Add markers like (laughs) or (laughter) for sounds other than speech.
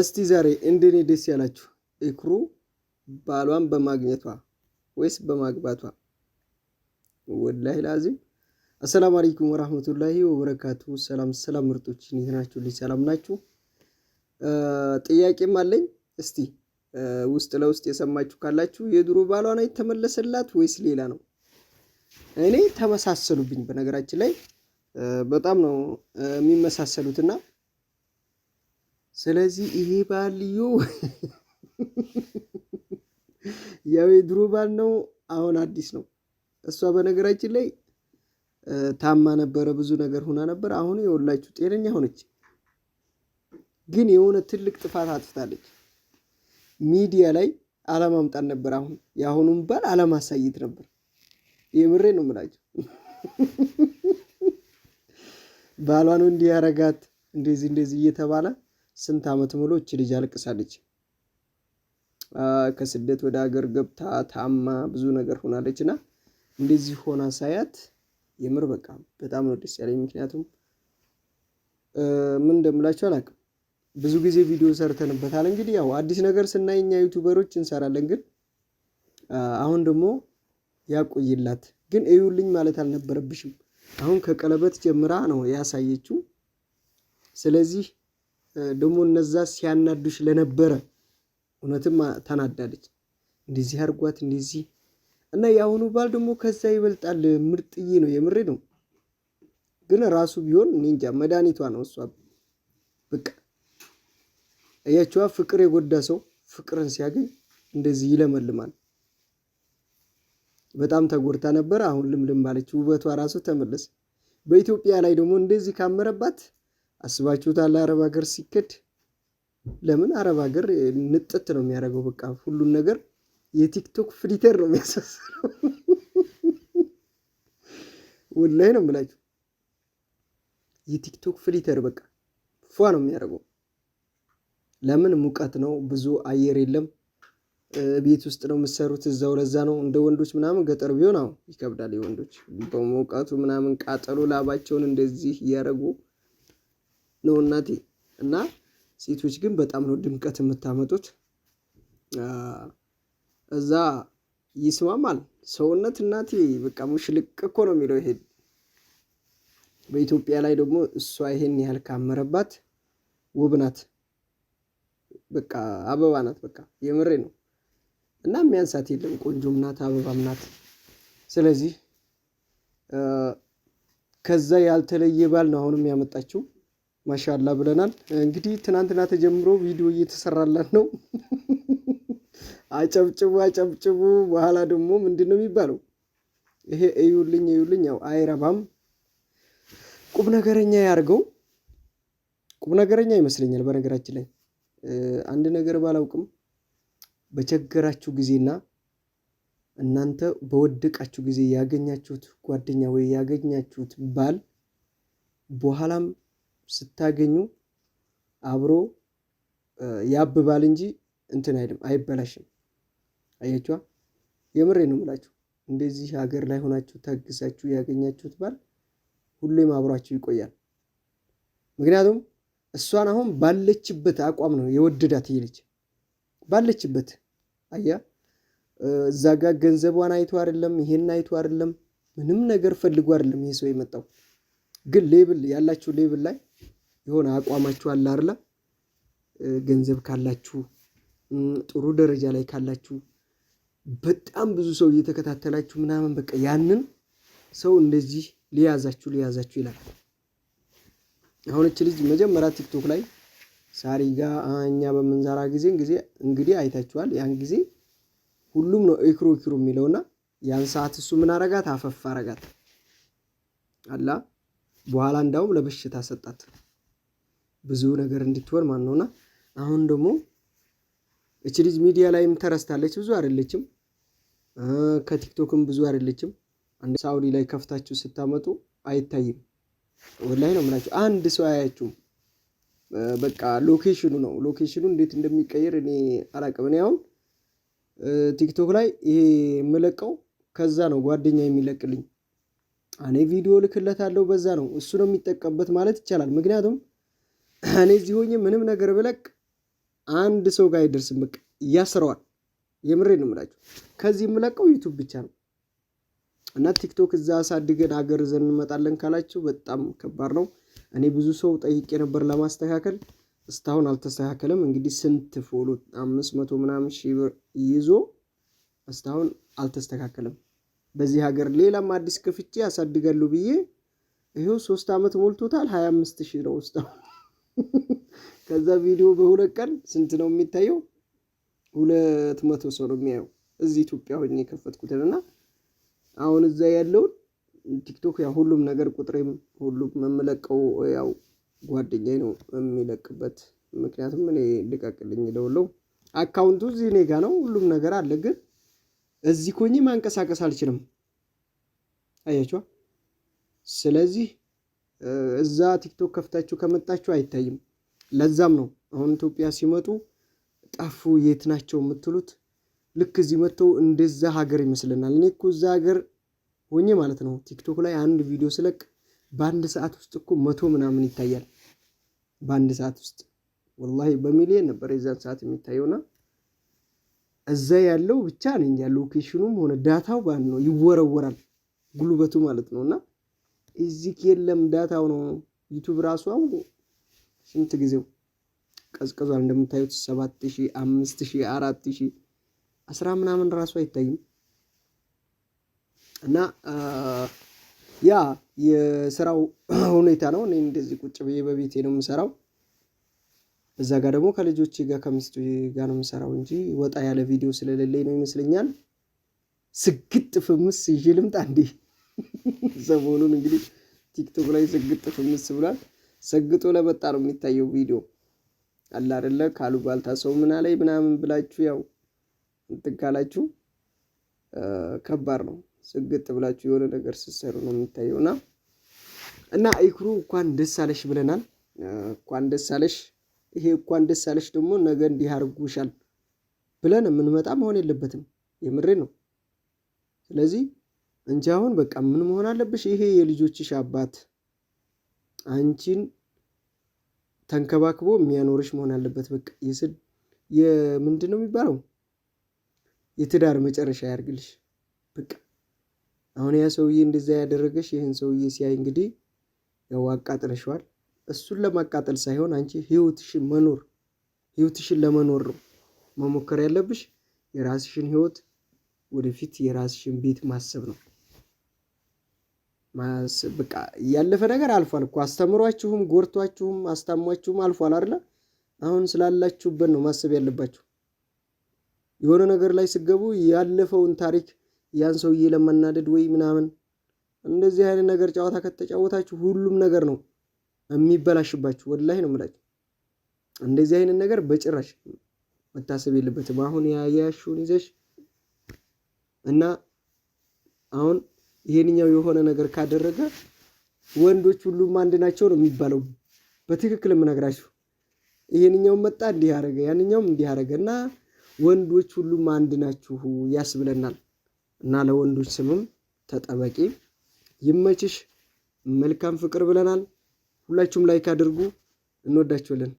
እስቲ ዛሬ እንደኔ ደስ ያላችሁ እክሩ ባሏን በማግኘቷ ወይስ በማግባቷ? ወላሂ ላዚም። አሰላሙ አለይኩም ወራህመቱላሂ ወበረካቱ። ሰላም ሰላም፣ ምርጦች እንዴት ናችሁ? ልጅ ሰላም ናችሁ? ጥያቄም አለኝ። እስቲ ውስጥ ለውስጥ የሰማችሁ ካላችሁ የድሮ ባሏን የተመለሰላት ወይስ ሌላ ነው? እኔ ተመሳሰሉብኝ። በነገራችን ላይ በጣም ነው የሚመሳሰሉትና ስለዚህ ይሄ ባል ልዩ ያው የድሮ ባል ነው፣ አሁን አዲስ ነው። እሷ በነገራችን ላይ ታማ ነበረ፣ ብዙ ነገር ሁና ነበር። አሁን የወላችሁ ጤነኛ ሆነች፣ ግን የሆነ ትልቅ ጥፋት አጥፍታለች። ሚዲያ ላይ አለማምጣት ነበር። አሁን የአሁኑም ባል አለማሳየት ነበር። የምሬ ነው የምላቸው። ባሏን እንዲህ ያረጋት እንደዚህ እንደዚህ እየተባለ ስንት ዓመት ሙሉ እች ልጅ አልቅሳለች። ከስደት ወደ ሀገር ገብታ ታማ ብዙ ነገር ሆናለች እና እንደዚህ ሆና ሳያት የምር በቃ በጣም ነው ደስ ያለኝ። ምክንያቱም ምን እንደምላቸው አላውቅም። ብዙ ጊዜ ቪዲዮ ሰርተንበታል። እንግዲህ ያው አዲስ ነገር ስናይ እኛ ዩቱበሮች እንሰራለን። ግን አሁን ደግሞ ያቆይላት ግን እዩልኝ ማለት አልነበረብሽም። አሁን ከቀለበት ጀምራ ነው ያሳየችው። ስለዚህ ደግሞ እነዛ ሲያናዱሽ ለነበረ እውነትም ተናዳለች። እንደዚህ አርጓት እንደዚህ እና የአሁኑ ባል ደግሞ ከዛ ይበልጣል። ምርጥዬ ነው፣ የምሬ ነው። ግን ራሱ ቢሆን እኔ እንጃ መድኃኒቷ ነው እሷ። በቃ እያቸዋ ፍቅር የጎዳ ሰው ፍቅርን ሲያገኝ እንደዚህ ይለመልማል። በጣም ተጎድታ ነበረ። አሁን ልምልም ባለች ውበቷ ራሱ ተመለሰ። በኢትዮጵያ ላይ ደግሞ እንደዚህ ካመረባት አስባችሁታል? አረብ ሀገር ሲከድ ለምን አረብ ሀገር ንጥት ነው የሚያደርገው። በቃ ሁሉን ነገር የቲክቶክ ፍሊተር ነው የሚያሳስረው። ወላሂ ነው የምላችሁ የቲክቶክ ፍሊተር በቃ ፏ ነው የሚያደርገው። ለምን ሙቀት ነው፣ ብዙ አየር የለም። ቤት ውስጥ ነው የምትሰሩት እዛው። ለዛ ነው እንደ ወንዶች ምናምን ገጠር ቢሆን አሁን ይከብዳል። የወንዶች በሙቀቱ ምናምን ቃጠሎ ላባቸውን እንደዚህ እያደረጉ ነው እናቴ። እና ሴቶች ግን በጣም ነው ድምቀት የምታመጡት። እዛ ይስማማል ሰውነት እናቴ በቃ ሙሽልቅ እኮ ነው የሚለው ይሄ በኢትዮጵያ ላይ ደግሞ እሷ ይሄን ያህል ካመረባት ውብ ናት፣ በቃ አበባ ናት። በቃ የምሬ ነው እና የሚያንሳት የለም። ቆንጆም ናት፣ አበባም ናት። ስለዚህ ከዛ ያልተለየ ባል ነው አሁንም ያመጣችው። ማሻላ ብለናል። እንግዲህ ትናንትና ተጀምሮ ቪዲዮ እየተሰራላት ነው። አጨብጭቡ አጨብጭቡ። በኋላ ደግሞ ምንድን ነው የሚባለው? ይሄ እዩልኝ እዩልኝ። ያው አይረባም። ቁም ነገረኛ ያርገው። ቁም ነገረኛ ይመስለኛል። በነገራችን ላይ አንድ ነገር ባላውቅም በቸገራችሁ ጊዜና እናንተ በወደቃችሁ ጊዜ ያገኛችሁት ጓደኛ ወይ ያገኛችሁት ባል በኋላም ስታገኙ አብሮ ያብባል እንጂ እንትን አይልም፣ አይበላሽም። አያችኋ? የምሬ ነው የምላችሁ። እንደዚህ ሀገር ላይ ሆናችሁ ታግሳችሁ ያገኛችሁት ባል ሁሌም አብሯችሁ ይቆያል። ምክንያቱም እሷን አሁን ባለችበት አቋም ነው የወደዳት ይልች ባለችበት አያ እዛ ጋ ገንዘቧን አይቶ አይደለም ይሄን አይቶ አይደለም ምንም ነገር ፈልጎ አይደለም ይሄ ሰው የመጣው ግን ሌብል ያላችሁ ሌብል ላይ የሆነ አቋማችሁ አለ አይደለ? ገንዘብ ካላችሁ ጥሩ ደረጃ ላይ ካላችሁ በጣም ብዙ ሰው እየተከታተላችሁ ምናምን በቃ ያንን ሰው እንደዚህ ሊያዛችሁ ሊያዛችሁ ይላል። አሁን እች ልጅ መጀመሪያ ቲክቶክ ላይ ሳሪ ጋ እኛ በምንሰራ ጊዜ ጊዜ እንግዲህ አይታችኋል። ያን ጊዜ ሁሉም ነው ኢክሮ ኢክሮ የሚለውና ያን ሰዓት እሱ ምን አረጋት? አፈፍ አረጋት አላ። በኋላ እንዳውም ለበሽታ ሰጣት። ብዙ ነገር እንድትሆን ማን ነውና አሁን ደግሞ እች ልጅ ሚዲያ ላይም ተረስታለች። ብዙ አይደለችም፣ ከቲክቶክም ብዙ አይደለችም። አንድ ሳውዲ ላይ ከፍታችሁ ስታመጡ አይታይም። ወላሂ ነው የምላችሁ፣ አንድ ሰው አያችሁም። በቃ ሎኬሽኑ ነው ሎኬሽኑ እንዴት እንደሚቀየር እኔ አላቅም። እኔ አሁን ቲክቶክ ላይ ይሄ የምለቀው ከዛ ነው ጓደኛ የሚለቅልኝ። እኔ ቪዲዮ ልክለታለሁ፣ በዛ ነው እሱ ነው የሚጠቀምበት ማለት ይቻላል። ምክንያቱም እኔ እዚህ ሆኜ ምንም ነገር ብለቅ አንድ ሰው ጋር አይደርስም። በቃ እያስረዋል። የምሬ ነው የምላችሁ። ከዚህ የምለቀው ዩቱብ ብቻ ነው እና ቲክቶክ እዛ አሳድገን አገር ዘን እንመጣለን ካላችሁ በጣም ከባድ ነው። እኔ ብዙ ሰው ጠይቄ ነበር ለማስተካከል እስካሁን አልተስተካከለም። እንግዲህ ስንት ፎሎ አምስት መቶ ምናምን ሺህ ብር ይዞ እስካሁን አልተስተካከለም። በዚህ ሀገር ሌላም አዲስ ክፍቼ ያሳድጋሉ ብዬ ይኸው ሶስት ዓመት ሞልቶታል። ሀያ አምስት ሺህ ነው ውስጥ ከዛ ቪዲዮ በሁለት ቀን ስንት ነው የሚታየው? ሁለት መቶ ሰው ነው የሚያየው። እዚህ ኢትዮጵያ ሆኜ የከፈትኩትን እና አሁን እዛ ያለውን ቲክቶክ ያው ሁሉም ነገር ቁጥሬም ሁሉም የምለቀው ያው ጓደኛ ነው የሚለቅበት። ምክንያቱም እኔ ልቀቅልኝ ደውለው አካውንቱ እዚህ እኔ ጋ ነው፣ ሁሉም ነገር አለ። ግን እዚህ ኮኝ ማንቀሳቀስ አልችልም። አያችኋ። ስለዚህ እዛ ቲክቶክ ከፍታችሁ ከመጣችሁ አይታይም። ለዛም ነው አሁን ኢትዮጵያ ሲመጡ ጠፉ የት ናቸው የምትሉት። ልክ እዚህ መጥተው እንደዛ ሀገር ይመስልናል። እኔ እኮ እዛ ሀገር ሆኜ ማለት ነው ቲክቶክ ላይ አንድ ቪዲዮ ስለቅ በአንድ ሰዓት ውስጥ እኮ መቶ ምናምን ይታያል። በአንድ ሰዓት ውስጥ ወላሂ በሚሊየን ነበር የዛን ሰዓት የሚታየውና እዛ ያለው ብቻ ነኝ ሎኬሽኑም ሆነ ዳታው ባን ነው ይወረወራል፣ ጉልበቱ ማለት ነው እና እዚህ የለም ዳታው ነው። ዩቱብ ራሱ ስንት ጊዜው ቀዝቅዟል እንደምታዩት፣ ሰባት ሺ አምስት ሺ አራት ሺ አስራ ምናምን ራሱ አይታይም። እና ያ የስራው ሁኔታ ነው። እኔ እንደዚህ ቁጭ ብዬ በቤቴ ነው የምሰራው። እዛ ጋር ደግሞ ከልጆች ጋር ከሚስቱ ጋር ነው የምሰራው እንጂ ወጣ ያለ ቪዲዮ ስለሌለኝ ነው ይመስለኛል። ስግጥ ፍምስ ይዤ ልምጣ እንዴ? (laughs) ሰሞኑን እንግዲህ ቲክቶክ ላይ ሰግጥ ፍምስ ብሏል። ሰግጦ ለበጣ ነው የሚታየው ቪዲዮ አለ አይደለ? ካሉ ባልታ ሰው ምና ላይ ምናምን ብላችሁ ያው እንትን ካላችሁ ከባድ ነው። ስግጥ ብላችሁ የሆነ ነገር ስትሰሩ ነው የሚታየው እና እና ኢክሩ እንኳን ደስ አለሽ ብለናል። እንኳን ደስ አለሽ። ይሄ እንኳን ደስ አለሽ ደግሞ ነገ እንዲህ አርጉሻል ብለን የምንመጣ መሆን የለበትም። የምሬ ነው። ስለዚህ እንጂ አሁን በቃ ምን መሆን አለብሽ? ይሄ የልጆችሽ አባት አንቺን ተንከባክቦ የሚያኖርሽ መሆን አለበት። በቃ የምንድን ነው የሚባለው? የትዳር መጨረሻ ያርግልሽ። በቃ አሁን ያ ሰውዬ እንደዛ ያደረገሽ ይህን ሰውዬ ሲያይ እንግዲህ ያው አቃጥለሽዋል። እሱን ለማቃጠል ሳይሆን አንቺ ህይወትሽን መኖር ህይወትሽን ለመኖር ነው መሞከር ያለብሽ። የራስሽን ህይወት ወደፊት የራስሽን ቤት ማሰብ ነው። በቃ ያለፈ ነገር አልፏል እኮ አስተምሯችሁም ጎርቷችሁም አስታሟችሁም አልፏል አይደለ? አሁን ስላላችሁበት ነው ማሰብ ያለባችሁ። የሆነ ነገር ላይ ስገቡ ያለፈውን ታሪክ ያን ሰውዬ ለመናደድ ወይ ምናምን እንደዚህ አይነት ነገር ጨዋታ ከተጫወታችሁ ሁሉም ነገር ነው የሚበላሽባችሁ። ወላሂ ነው የምላችሁ። እንደዚህ አይነት ነገር በጭራሽ መታሰብ የለበትም። አሁን ያያሹን ይዘሽ እና አሁን ይሄንኛው የሆነ ነገር ካደረገ ወንዶች ሁሉም አንድ ናቸው ነው የሚባለው። በትክክል የምነግራችሁ ይሄንኛውም መጣ እንዲህ አደረገ፣ ያንኛውም እንዲህ አደረገ እና ወንዶች ሁሉም አንድ ናችሁ ያስብለናል። እና ለወንዶች ስምም ተጠበቂ ይመችሽ። መልካም ፍቅር ብለናል። ሁላችሁም ላይክ አድርጉ። እንወዳችኋለን።